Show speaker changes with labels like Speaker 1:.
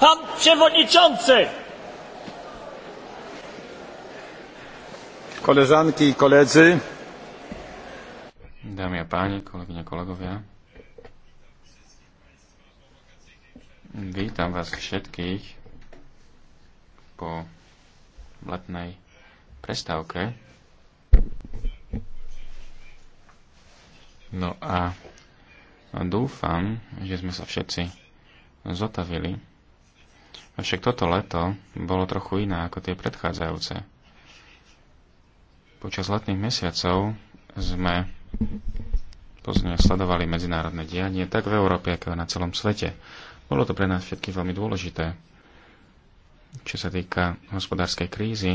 Speaker 1: Pan Przewodniczący!
Speaker 2: Koleżanki i koledzy.
Speaker 3: Dámy a páni, kolegyne, kolegovia. Vítam vás všetkých po letnej prestávke.
Speaker 4: No a dúfam,
Speaker 3: že sme sa všetci zotavili Avšak toto leto bolo trochu iné ako tie predchádzajúce. Počas letných mesiacov sme pozne sledovali medzinárodné dianie tak v Európe, ako na celom svete. Bolo to pre nás všetky veľmi dôležité. Čo sa týka hospodárskej krízy,